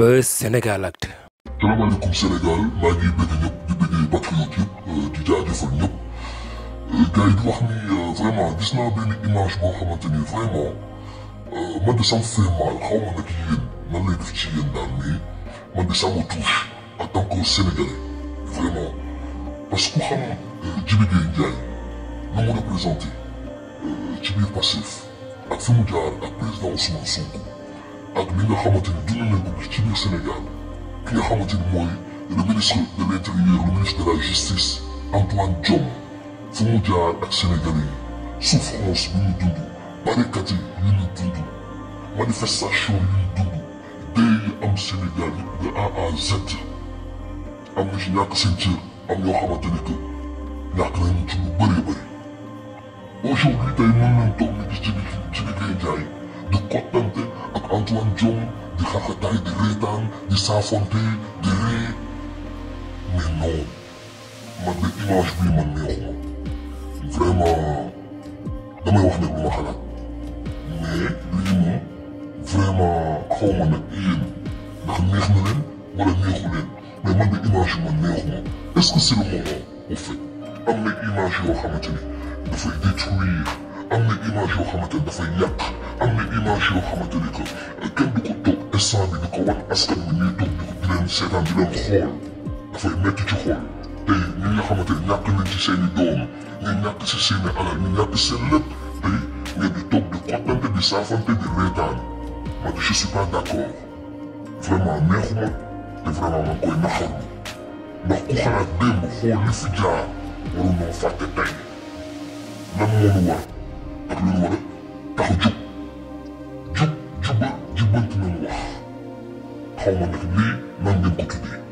ba Sénégalactu. salaamaaleykum Sénégal maa ngi bëgg ñëpp di bëgg patriote yëpp euh, di jaajëfal ñëpp euh, gars yi di wax ni euh, vraiment gis naa benn image boo vraiment man de ça me fait mal xaw ma nag yéen nan lay def vraiment parce que ku xam Jibi Gueye Ndiaye nu mu représenté ci biir Pastef ak fi mu jaar ak président Ousmane ak li nga xamante ni dund nañ ci biir Sénégal ki nga xamante mooy le ministre de l' intérieur justice Antoine Diome fu ak Sénégalais yi souffrance bi ñu dund barricades yi ñu dund manifestation yi ñu dee am Sénégal yi de A am na ci ñàkk am ñoo xamante ni que ñàkk nañu ci lu bëree bëri aujourd'hui tey mën nañ toog ni ci ci ci liggéey njaay di kottante Antoine Diome di xaxataay di reetaan di saafonte di ree mais non man de image bi man neexuma vraiment damay wax ne lu ma xalaat mais lii ma nag yéen ndax neex na leen wala neexu leen mais man de image bi man neexuma am na image yoo xamante ni dafay détruire am na image yoo xamante ni que kenn du ko toog instant bi di ko wan askan bi ñuy toog di ko di leen seetaan di leen xool ci xool tey ñi nga xamante ne ñàkk nañ doom ñu ñàkk si seen i alal ñu ñàkk seen lépp tey ngeen di toog di kottante di saafante di reetaan ma je suis pas d'accord ku xalaat démb xool li fi jaar waru noo fàtte tey lan moo nu war ak nu war a xaw ma nag lii nan ngeen ko tuddee